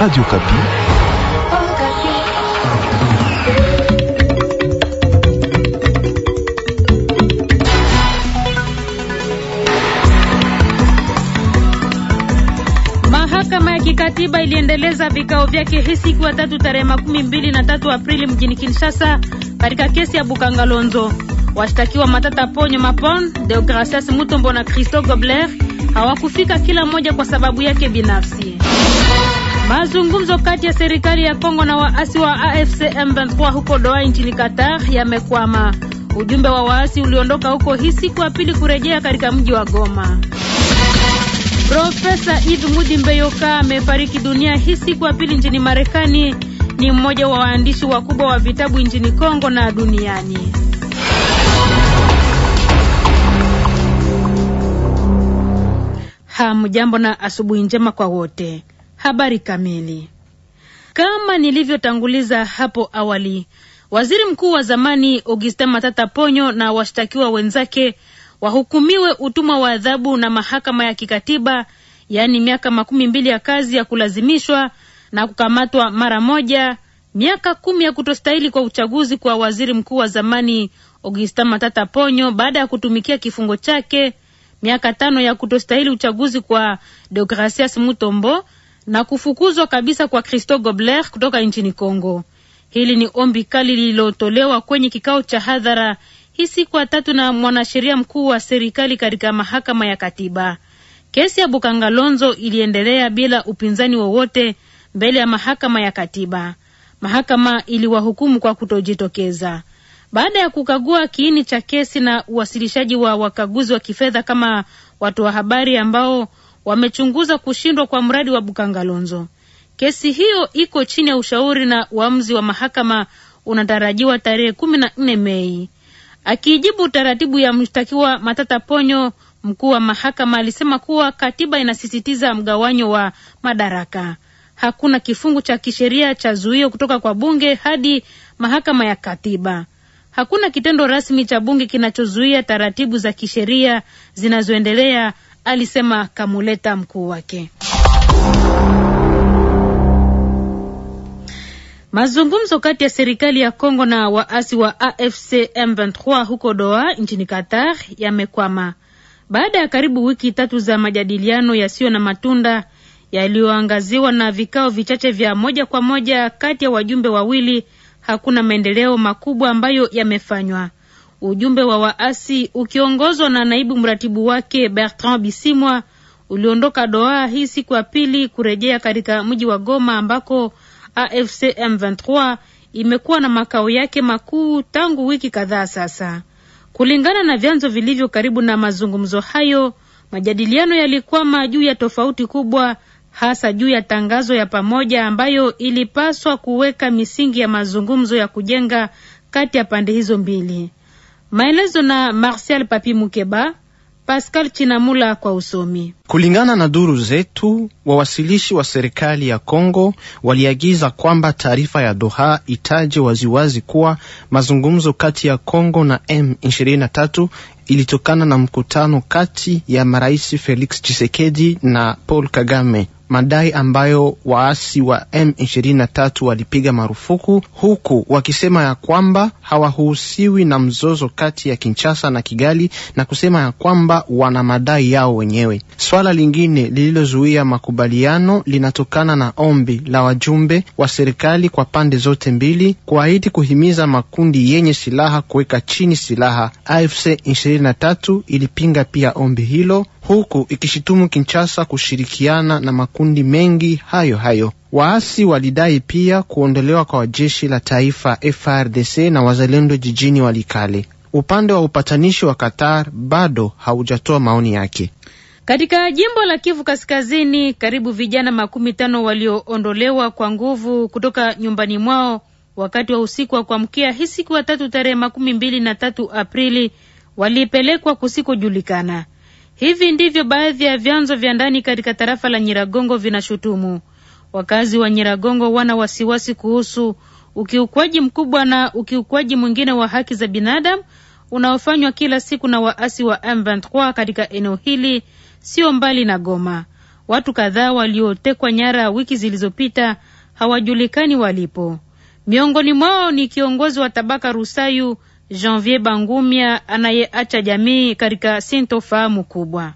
Radio Kapi. Mahakama ya kikatiba iliendeleza vikao vyake hii siku ya tatu tarehe makumi mbili na tatu Aprili mjini Kinshasa katika kesi ya Bukangalonzo. Washtakiwa Matata Ponyo Mapon, Deogracias Mutombo na Christo Gobler hawakufika kila mmoja kwa sababu yake binafsi. Mazungumzo kati ya serikali ya Kongo na waasi wa AFC M23 huko Doha nchini Qatar yamekwama. Ujumbe wa waasi uliondoka huko hii siku ya pili kurejea katika mji wa Goma. Profesa Eve Mudi Mbeyoka amefariki dunia hii siku ya pili nchini Marekani. Ni mmoja wa waandishi wakubwa wa vitabu nchini Kongo na duniani. Hamjambo na asubuhi njema kwa wote. Habari kamili. Kama nilivyotanguliza hapo awali, waziri mkuu wa zamani Augustin Matata Ponyo na washtakiwa wenzake wahukumiwe utumwa wa adhabu na mahakama ya kikatiba, yaani miaka makumi mbili ya kazi ya kulazimishwa na kukamatwa mara moja, miaka kumi ya kutostahili kwa uchaguzi kwa waziri mkuu wa zamani Augustin Matata Ponyo baada ya kutumikia kifungo chake, miaka tano ya kutostahili uchaguzi kwa Deogracias Mutombo na kufukuzwa kabisa kwa Christo Gobler kutoka nchini congo Hili ni ombi kali lililotolewa kwenye kikao cha hadhara hii siku ya tatu na mwanasheria mkuu wa serikali katika mahakama ya katiba. Kesi ya Bukangalonzo iliendelea bila upinzani wowote mbele ya mahakama ya katiba. Mahakama iliwahukumu kwa kutojitokeza. Baada ya kukagua kiini cha kesi na uwasilishaji wa wakaguzi wa kifedha kama watu wa habari ambao wamechunguza kushindwa kwa mradi wa Bukangalonzo. Kesi hiyo iko chini ya ushauri na uamuzi wa mahakama unatarajiwa tarehe kumi na nne Mei. Akijibu taratibu ya mshtakiwa Matata Ponyo, mkuu wa mahakama alisema kuwa katiba inasisitiza mgawanyo wa madaraka. Hakuna kifungu cha kisheria cha zuio kutoka kwa bunge hadi mahakama ya katiba. Hakuna kitendo rasmi cha bunge kinachozuia taratibu za kisheria zinazoendelea alisema Kamuleta, mkuu wake. Mazungumzo kati ya serikali ya Kongo na waasi wa AFC M23 huko Doha nchini Qatar yamekwama baada ya karibu wiki tatu za majadiliano yasiyo na matunda yaliyoangaziwa na vikao vichache vya moja kwa moja kati ya wajumbe wawili. Hakuna maendeleo makubwa ambayo yamefanywa. Ujumbe wa waasi ukiongozwa na naibu mratibu wake Bertrand Bisimwa uliondoka Doha hii siku ya pili kurejea katika mji wa Goma ambako AFC M23 imekuwa na makao yake makuu tangu wiki kadhaa sasa. Kulingana na vyanzo vilivyo karibu na mazungumzo hayo, majadiliano yalikwama juu ya tofauti kubwa, hasa juu ya tangazo ya pamoja ambayo ilipaswa kuweka misingi ya mazungumzo ya kujenga kati ya pande hizo mbili. Maelezo na Marcel Papi Mukeba. Pascal Chinamula kwa usomi. Kulingana na duru zetu, wawasilishi wa serikali ya Kongo waliagiza kwamba taarifa ya Doha itaje waziwazi kuwa mazungumzo kati ya Kongo na M23 ilitokana na mkutano kati ya marais Felix Tshisekedi na Paul Kagame madai ambayo waasi wa M23 walipiga marufuku, huku wakisema ya kwamba hawahusiwi na mzozo kati ya Kinshasa na Kigali na kusema ya kwamba wana madai yao wenyewe. Swala lingine lililozuia makubaliano linatokana na ombi la wajumbe wa serikali kwa pande zote mbili kuahidi kuhimiza makundi yenye silaha kuweka chini silaha. AFC 23 ilipinga pia ombi hilo huku ikishitumu Kinshasa kushirikiana na makundi mengi hayo hayo. Waasi walidai pia kuondolewa kwa jeshi la taifa frdc na wazalendo jijini Walikale. Upande wa upatanishi wa Qatar bado haujatoa maoni yake. Katika jimbo la Kivu Kaskazini, karibu vijana makumi tano walioondolewa kwa nguvu kutoka nyumbani mwao wakati wa usiku wa kuamkia hii siku ya tatu tarehe makumi mbili na tatu Aprili walipelekwa kusikojulikana. Hivi ndivyo baadhi ya vyanzo vya ndani katika tarafa la Nyiragongo vinashutumu. Wakazi wa Nyiragongo wana wasiwasi kuhusu ukiukwaji mkubwa na ukiukwaji mwingine wa haki za binadamu unaofanywa kila siku na waasi wa M23 katika eneo hili, sio mbali na Goma. Watu kadhaa waliotekwa nyara wiki zilizopita hawajulikani walipo. Miongoni mwao ni kiongozi wa tabaka Rusayu Janvier Bangumia anayeacha jamii katika sintofahamu kubwa.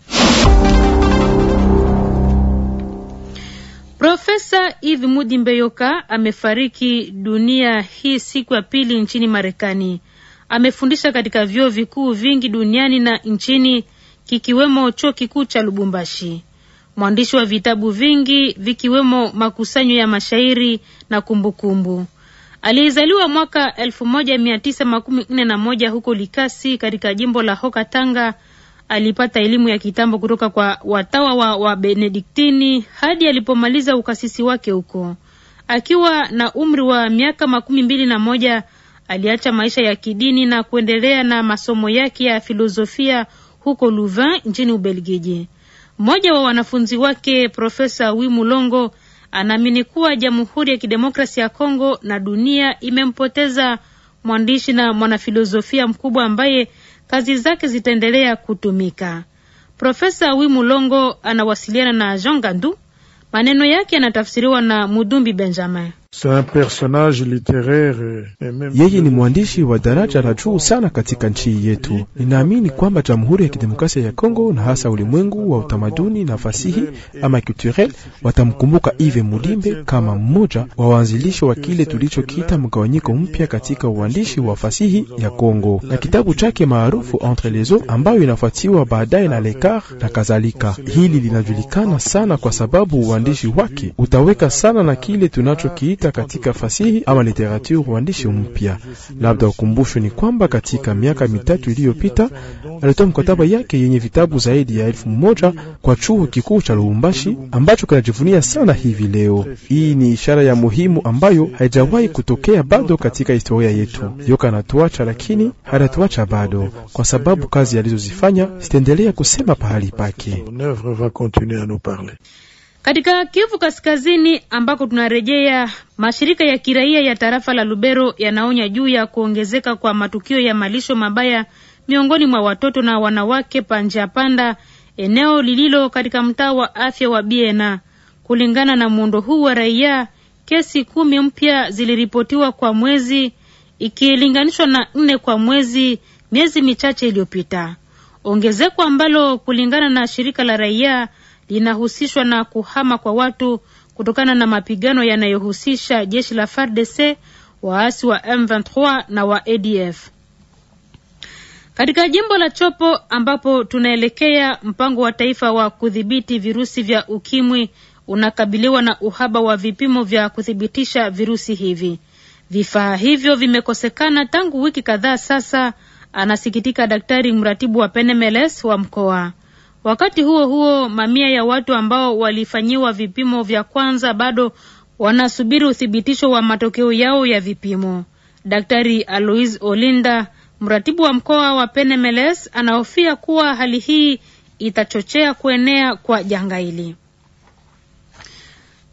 Profesa Eve Mudi Mbeyoka amefariki dunia hii siku ya pili nchini Marekani. Amefundisha katika vyuo vikuu vingi duniani na nchini kikiwemo chuo kikuu cha Lubumbashi. Mwandishi wa vitabu vingi vikiwemo makusanyo ya mashairi na kumbukumbu kumbu. Alizaliwa mwaka 1941 huko Likasi katika jimbo la Hoka Tanga. Alipata elimu ya kitambo kutoka kwa watawa wa Wabenediktini hadi alipomaliza ukasisi wake huko. Akiwa na umri wa miaka makumi mbili na moja aliacha maisha ya kidini na kuendelea na masomo yake ya filozofia huko Louvain nchini Ubelgiji. Mmoja wa wanafunzi wake Profesa Wimulongo anaamini kuwa Jamhuri ya Kidemokrasia ya Kongo na dunia imempoteza mwandishi na mwanafilosofia mkubwa ambaye kazi zake zitaendelea kutumika. Profesa Wi Mulongo anawasiliana na Jean Gandu. Maneno yake yanatafsiriwa na Mudumbi Benjamin. Yeye ni mwandishi wa daraja la juu sana katika nchi yetu. Ninaamini kwamba Jamhuri ya Kidemokrasia ya Kongo na hasa ulimwengu wa utamaduni na fasihi ama culturel watamkumbuka Ive Mulimbe kama mmoja wa waanzilisho wa kile tulichokiita mgawanyiko mpya katika uandishi wa fasihi ya Kongo, na kitabu chake maarufu Entre les eaux ambayo inafuatiwa baadaye na Lekar na kadhalika. Hili linajulikana sana kwa sababu uandishi wake utaweka sana na kile tunachokiita kupita katika fasihi ama literature uandishi mpya. Labda ukumbusho ni kwamba katika miaka mitatu iliyopita alitoa mkataba yake yenye vitabu zaidi ya elfu moja kwa chuo kikuu cha Lubumbashi ambacho kinajivunia sana hivi leo. Hii ni ishara ya muhimu ambayo haijawahi kutokea bado katika historia yetu. Yoka anatuacha, lakini hanatuacha bado, kwa sababu kazi alizozifanya zitaendelea kusema pahali pake. Katika Kivu Kaskazini ambako tunarejea, mashirika ya kiraia ya tarafa la Lubero yanaonya juu ya kuongezeka kwa matukio ya malisho mabaya miongoni mwa watoto na wanawake panja panda, eneo lililo katika mtaa wa afya wa Biena. Kulingana na muundo huu wa raia, kesi kumi mpya ziliripotiwa kwa mwezi ikilinganishwa na nne kwa mwezi miezi michache iliyopita, ongezeko ambalo kulingana na shirika la raia linahusishwa na kuhama kwa watu kutokana na mapigano yanayohusisha jeshi la FARDC, waasi wa M23 na wa ADF. Katika jimbo la Chopo ambapo tunaelekea, mpango wa taifa wa kudhibiti virusi vya ukimwi unakabiliwa na uhaba wa vipimo vya kuthibitisha virusi hivi. Vifaa hivyo vimekosekana tangu wiki kadhaa sasa, anasikitika daktari mratibu wa Penemeles wa mkoa. Wakati huo huo, mamia ya watu ambao walifanyiwa vipimo vya kwanza bado wanasubiri uthibitisho wa matokeo yao ya vipimo. Daktari Alois Olinda, mratibu wa mkoa wa Penemeles, anahofia kuwa hali hii itachochea kuenea kwa janga hili.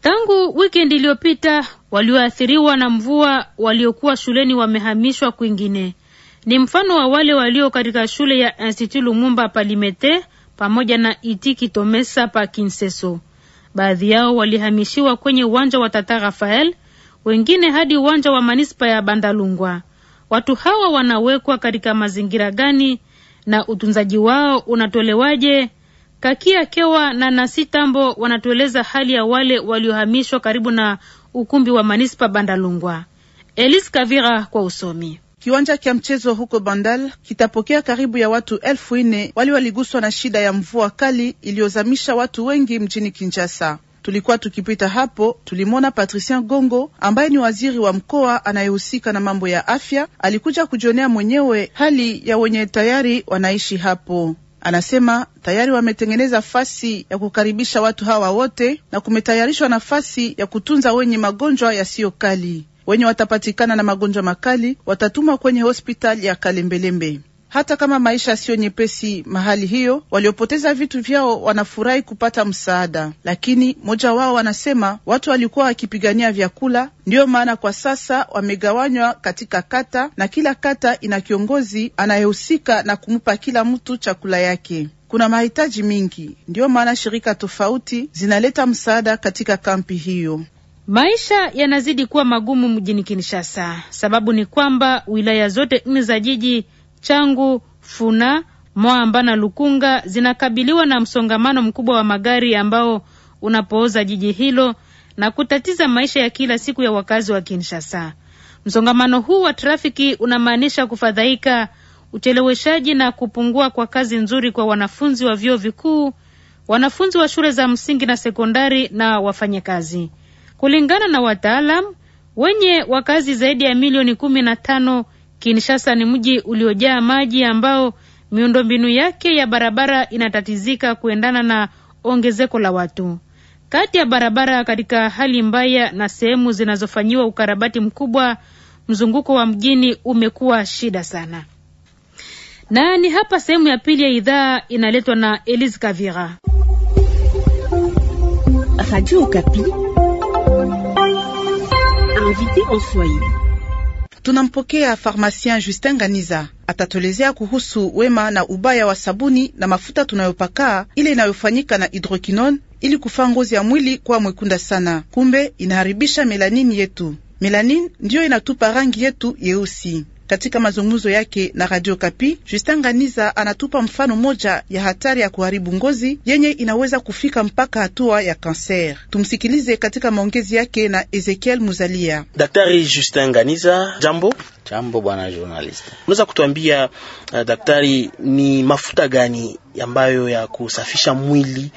Tangu wikendi iliyopita, walioathiriwa na mvua waliokuwa shuleni wamehamishwa kwingine. Ni mfano wa wale walio katika shule ya Institut Lumumba Palimete pamoja na Itiki Tomesa pa Kinseso. Baadhi yao walihamishiwa kwenye uwanja wa Tata Rafael, wengine hadi uwanja wa manispa ya Bandalungwa. Watu hawa wanawekwa katika mazingira gani na utunzaji wao unatolewaje? Kakia Kewa na Nasi Tambo wanatueleza hali ya wale waliohamishwa karibu na ukumbi wa manispa Bandalungwa. Elis Kavira kwa usomi Kiwanja cha mchezo huko Bandal kitapokea karibu ya watu elfu nne wali waliguswa na shida ya mvua kali iliyozamisha watu wengi mjini Kinshasa. Tulikuwa tukipita hapo, tulimwona Patricien Gongo ambaye ni waziri wa mkoa anayehusika na mambo ya afya. Alikuja kujionea mwenyewe hali ya wenye tayari wanaishi hapo. Anasema tayari wametengeneza fasi ya kukaribisha watu hawa wote na kumetayarishwa nafasi ya kutunza wenye magonjwa yasiyo kali. Wenye watapatikana na magonjwa makali watatumwa kwenye hospitali ya Kalembelembe. Hata kama maisha siyo nyepesi mahali hiyo, waliopoteza vitu vyao wanafurahi kupata msaada, lakini mmoja wao wanasema watu walikuwa wakipigania vyakula, ndiyo maana kwa sasa wamegawanywa katika kata, na kila kata ina kiongozi anayehusika na kumpa kila mtu chakula yake. Kuna mahitaji mingi, ndiyo maana shirika tofauti zinaleta msaada katika kampi hiyo. Maisha yanazidi kuwa magumu mjini Kinshasa. Sababu ni kwamba wilaya zote nne za jiji Changu, Funa, Mwamba na Lukunga zinakabiliwa na msongamano mkubwa wa magari ambao unapooza jiji hilo na kutatiza maisha ya kila siku ya wakazi wa Kinshasa. Msongamano huu wa trafiki unamaanisha kufadhaika, ucheleweshaji na kupungua kwa kazi nzuri kwa wanafunzi wa vyuo vikuu, wanafunzi wa shule za msingi na sekondari na wafanyakazi. Kulingana na wataalam wenye wakazi zaidi ya milioni kumi na tano, Kinshasa ni mji uliojaa maji ambao miundombinu yake ya barabara inatatizika kuendana na ongezeko la watu. Kati ya barabara katika hali mbaya na sehemu zinazofanyiwa ukarabati mkubwa, mzunguko wa mjini umekuwa shida sana. Na ni hapa sehemu ya pili ya idhaa inaletwa na Elise Kavira Radio Okapi. Invité en Swahili. Tunampokea farmasien Justin Ganiza atatuelezea kuhusu wema na ubaya wa sabuni na mafuta tunayopakaa ile inayofanyika na hidrokinone ili kufaa ngozi ya mwili kuwa mwekunda sana, kumbe inaharibisha melanini yetu. Melanini ndiyo inatupa rangi yetu yeusi. Katika mazungumzo yake na Radio Kapi, Justin ganiza anatupa mfano moja ya hatari ya kuharibu ngozi yenye inaweza kufika mpaka hatua ya kanser. Tumsikilize katika maongezi yake na Ezekiel Muzalia. Daktari Justin ganiza jambo. Jambo bwana journalist, unaweza kutuambia uh, daktari, ni mafuta gani ambayo ya kusafisha mwili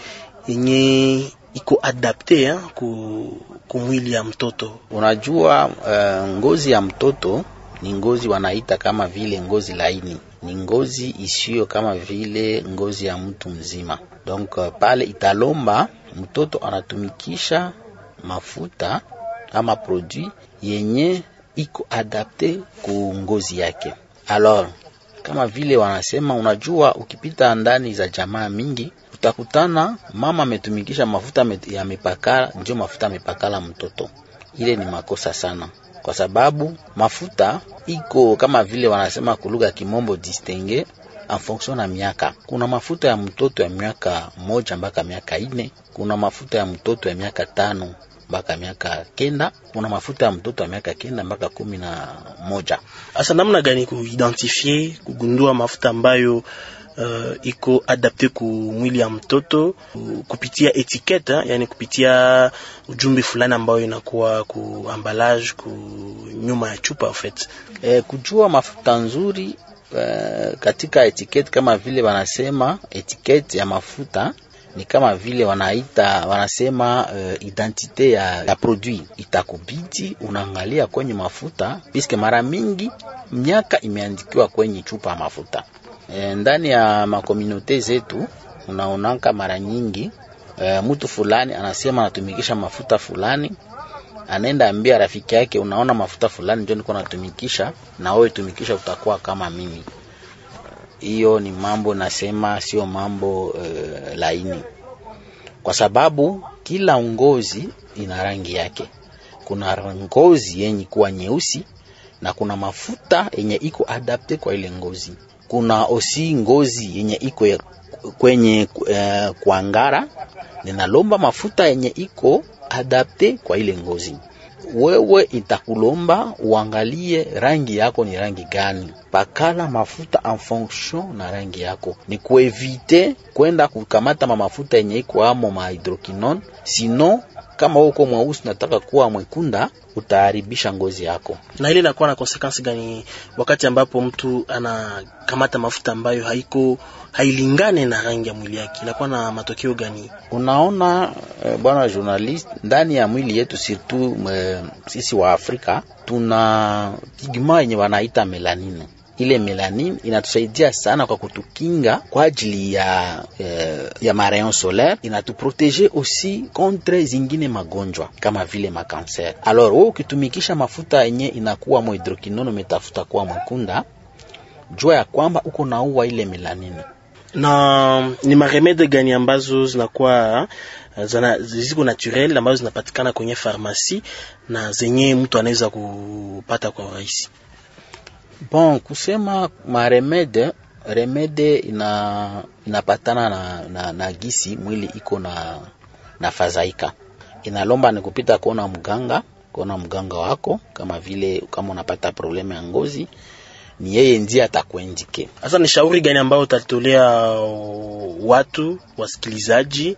yenye iko adapte ku, ku mwili ya mtoto? Unajua uh, ngozi ya mtoto ni ngozi wanaita kama vile ngozi laini, ni ngozi isiyo kama vile ngozi ya mtu mzima. Donc euh, pale italomba mtoto anatumikisha mafuta ama produit yenye iko adapte ku ngozi yake. Alors kama vile wanasema, unajua, ukipita ndani za jamaa mingi utakutana mama ametumikisha mafuta yamepakala, ndio mafuta amepakala mtoto. Ile ni makosa sana kwa sababu mafuta iko kama vile wanasema kulugha kimombo distingue en fonction na miaka. Kuna mafuta ya mtoto ya miaka moja mpaka miaka ine, kuna mafuta ya mtoto ya miaka tano mpaka miaka kenda, kuna mafuta ya mtoto ya miaka kenda mpaka kumi na moja. Asa namna gani kuidentifie kugundua mafuta ambayo uh, iko adapte ku mwili ya mtoto kupitia etikete, yani kupitia ujumbe fulani ambayo inakuwa ku ambalage ku nyuma ya chupa ofet. Eh, kujua mafuta nzuri uh, katika etikete kama vile wanasema etikete ya mafuta ni kama vile wanaita wanasema uh, identite ya, ya produit itakubidi unaangalia kwenye mafuta, piske mara mingi miaka imeandikiwa kwenye chupa ya mafuta. E, ndani ya makomunite zetu unaonanka mara nyingi e, mtu fulani anasema anatumikisha mafuta fulani, anaenda ambia rafiki yake, unaona mafuta fulani ndio niko natumikisha, na wewe tumikisha, utakuwa kama mimi. Hiyo ni mambo nasema sio mambo e, laini, kwa sababu kila ngozi ina rangi yake. Kuna ngozi yenye kuwa nyeusi na kuna mafuta yenye iko adapte kwa ile ngozi kuna osi ngozi yenye iko kwenye eh, kuangara ninalomba mafuta yenye iko adapte kwa ile ngozi. Wewe itakulomba uangalie rangi yako ni rangi gani, pakala mafuta en fonction na rangi yako. Ni kuevite kwenda kukamata mafuta yenye iko amo ma hydroquinone sino kama uko mweusi nataka kuwa mwekunda, utaharibisha ngozi yako. Na ile inakuwa na consequence gani? Wakati ambapo mtu anakamata mafuta ambayo haiko hailingane na rangi ya mwili yake, inakuwa na matokeo gani? Unaona eh, bwana journalist, ndani ya mwili yetu surtout eh, sisi wa Afrika tuna pigment yenye wanaita melanini ile melanin inatusaidia sana kwa kutukinga kwa ajili ya, eh, ya marayon solaire, inatuproteje aussi contre zingine magonjwa kama vile makanser. alor wo ukitumikisha mafuta yenye inakuwa hidrokinono metafuta kuwa mkunda, jua ya kwamba uko naua ile melanin. Na ni maremede gani ambazo zinakuwa eh, ziko naturel ambazo zinapatikana kwenye farmasi na zenye mtu anaweza kupata kwa urahisi? Bon, kusema maremede remede ina inapatana na, na, na gisi mwili iko na, na fadhaika inalomba ni kupita kuona mganga, kuona mganga wako, kama vile kama unapata problemu ya ngozi ni yeye ndiye atakuendike. Sasa ni shauri gani ambayo utatolea watu wasikilizaji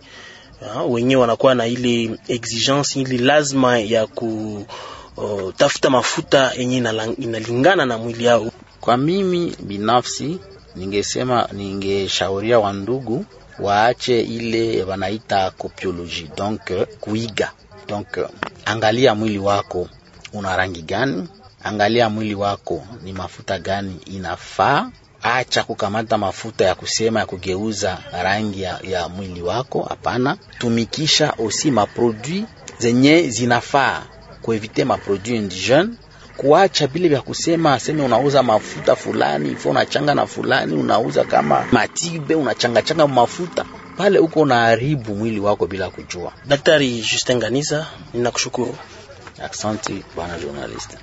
ah, wenyewe wanakuwa na ile exigence, ile lazima ya ku Uh, tafuta mafuta yenye inalingana na mwili yao. Kwa mimi binafsi, ningesema ningeshauria wandugu waache ile wanaita kopioloji, donc kuiga. Donc angalia mwili wako una rangi gani, angalia mwili wako ni mafuta gani inafaa Acha kukamata mafuta ya kusema ya kugeuza rangi ya, ya mwili wako. Hapana, tumikisha osi maprodui zenye zinafaa kuevite maproduit indigene kuacha vile vya kusema aseme unauza mafuta fulani ifo unachanga na fulani unauza kama matibe unachangachanga mafuta pale, uko unaharibu mwili wako bila kujua. Daktari Justin Ganisa, ninakushukuru. Asante bwana journalist.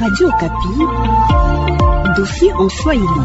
Radio Kapi, dofi en Swahili.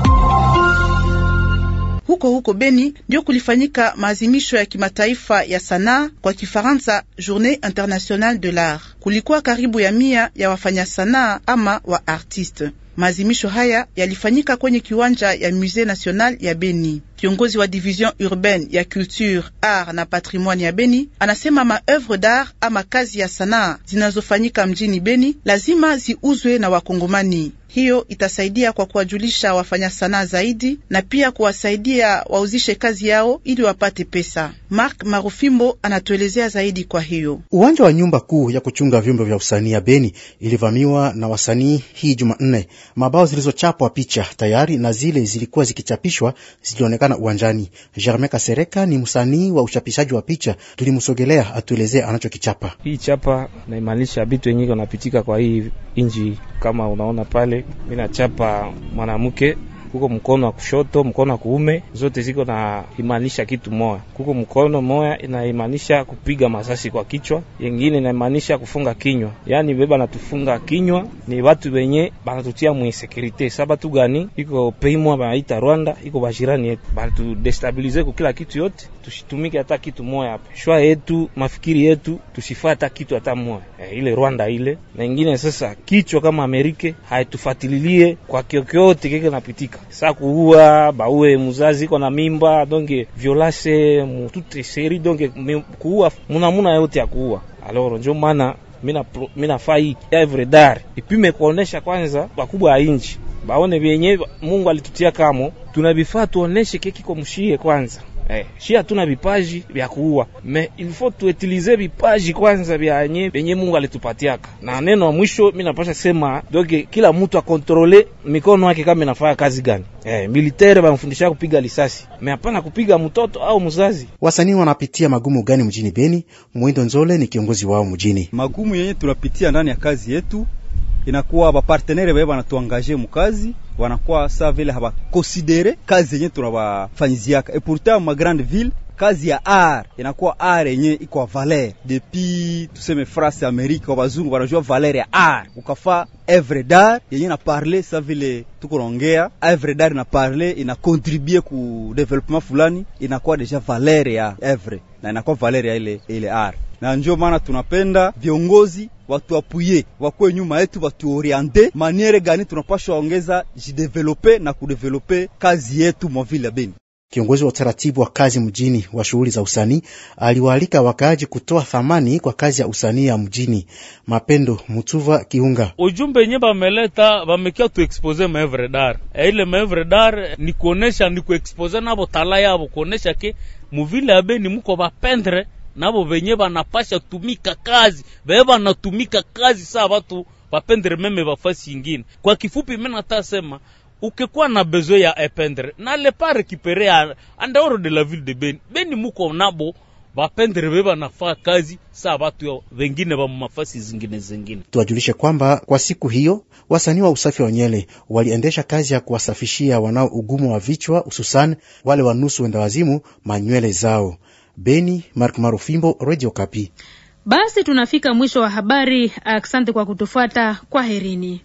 Huko huko Beni ndio kulifanyika maazimisho ya kimataifa ya sanaa kwa Kifaransa, Journée Internationale de l'Art. Kulikuwa karibu ya mia ya wafanya sanaa ama wa artiste. Maazimisho haya yalifanyika kwenye kiwanja ya Musée National ya Beni. Kiongozi wa division urbaine ya culture art na patrimoine ya Beni anasema maoeuvre d'art ama kazi ya sanaa zinazofanyika mjini Beni lazima ziuzwe na Wakongomani. Hiyo itasaidia kwa kuwajulisha wafanya sanaa zaidi na pia kuwasaidia wauzishe kazi yao ili wapate pesa. Mark Marufimbo anatuelezea zaidi. Kwa hiyo uwanja wa nyumba kuu ya kuchunga vyombo vya usanii ya Beni ilivamiwa na wasanii hii Jumanne. Mabao zilizochapwa picha tayari na zile zilikuwa zikichapishwa zilionekana kuonekana uwanjani. Germain Kasereka ni msanii wa uchapishaji wa picha, tulimsogelea atuelezee anachokichapa. Hii chapa naimaanisha vitu yenyewe unapitika kwa hii inji, kama unaona pale nachapa mwanamke kuko mkono wa kushoto, mkono wa kuume, zote ziko na imaanisha kitu moya. Kuko mkono moya inaimaanisha kupiga masasi kwa kichwa, yengine inaimaanisha kufunga kinywa. Yani be banatufunga kinywa ni batu wenye banatutia muinsekurite. Saba tu gani iko peimwa banaita Rwanda, iko bajirani yetu, banatudestabilize kukila kitu yote tusitumike hata kitu moya hapa, shwa yetu mafikiri yetu tusifaa hata kitu hata moya e, ile Rwanda ile na ingine. Sasa kichwa kama Amerike haitufatililie kwa kiokiote keke napitika sa kuua baue muzazi iko na mimba donge violase mutute seri donge kuua munamuna yote ya kuua aloro, njo maana minafaa hii evre dar ipime kuonesha kwanza wakubwa ya inji baone vyenye Mungu alitutia kamo tunavifaa, tuoneshe kekiko mshie kwanza eh, shi hatuna vipaji vya kuua me ilifo tuutilize vipaji kwanza vyanye venye Mungu alitupatiaka. Na neno wa mwisho mi napasha sema doge, kila mtu akontrole mikono yake kama inafanya kazi gani. Eh, militeri bamfundisha kupiga lisasi me hapana kupiga mtoto au mzazi. Wasanii wanapitia magumu gani mjini Beni? Mwindo Nzole ni kiongozi wao mjini. Magumu yenye tunapitia ndani ya kazi yetu inakuwa bapartenere baye banatuangaje mukazi wanakuwa saa vile hawakonsidere kazi yenye tunawafanyiziaka, e pourtant ma grande ville kazi ya art inakuwa art yenye iko valeur depuis tuseme France Amerika, wabazungu bazungu wanajua valeur ya art. Ukafa evre dar yenye na parle sa vile tuko naongea, evre dar na parle ina contribuer ku development fulani, inakuwa deja valeur ya evre na inakuwa valeur ya ile ile art, na ndio maana tunapenda viongozi watuapuye wakuwe nyuma yetu, watuoriande maniere gani tunapashwa ongeza jidevelope na kudevelope kazi yetu mwa vile Beni. Kiongozi wa utaratibu wa kazi mjini wa shughuli za usanii aliwaalika wakaaji kutoa thamani kwa kazi ya usanii ya mjini. Mapendo Mutuva Kiunga, ujumbe yenye bameleta bamekia tuexpose maevre dar e, ile maevre dar ni kuonesha ni kuexpose nabo tala yabo kuonesha ke muvile ya Beni muko bapendre nabo venye banapasha tumika kazi vee banatumika kazi saa batu bapendere meme bafasi ingine. Kwa kifupi, mimi nataka sema ukikuwa na besoin ya ependre na nale pa rekipere a andaoro de la ville de Beni Beni, muko nabo bapendere be banafaa kazi saa batu wengine ba mafasi zingine zingine. Tuwajulishe kwamba kwa siku hiyo wasanii wa usafi wa nyele waliendesha kazi ya kuwasafishia wanao ugumu wa vichwa, hususan wale wanusu wazimu manywele zao. Beni, Mark Marufimbo, Radio Kapi. Basi tunafika mwisho wa habari. Asante kwa kutufuata, kwaherini.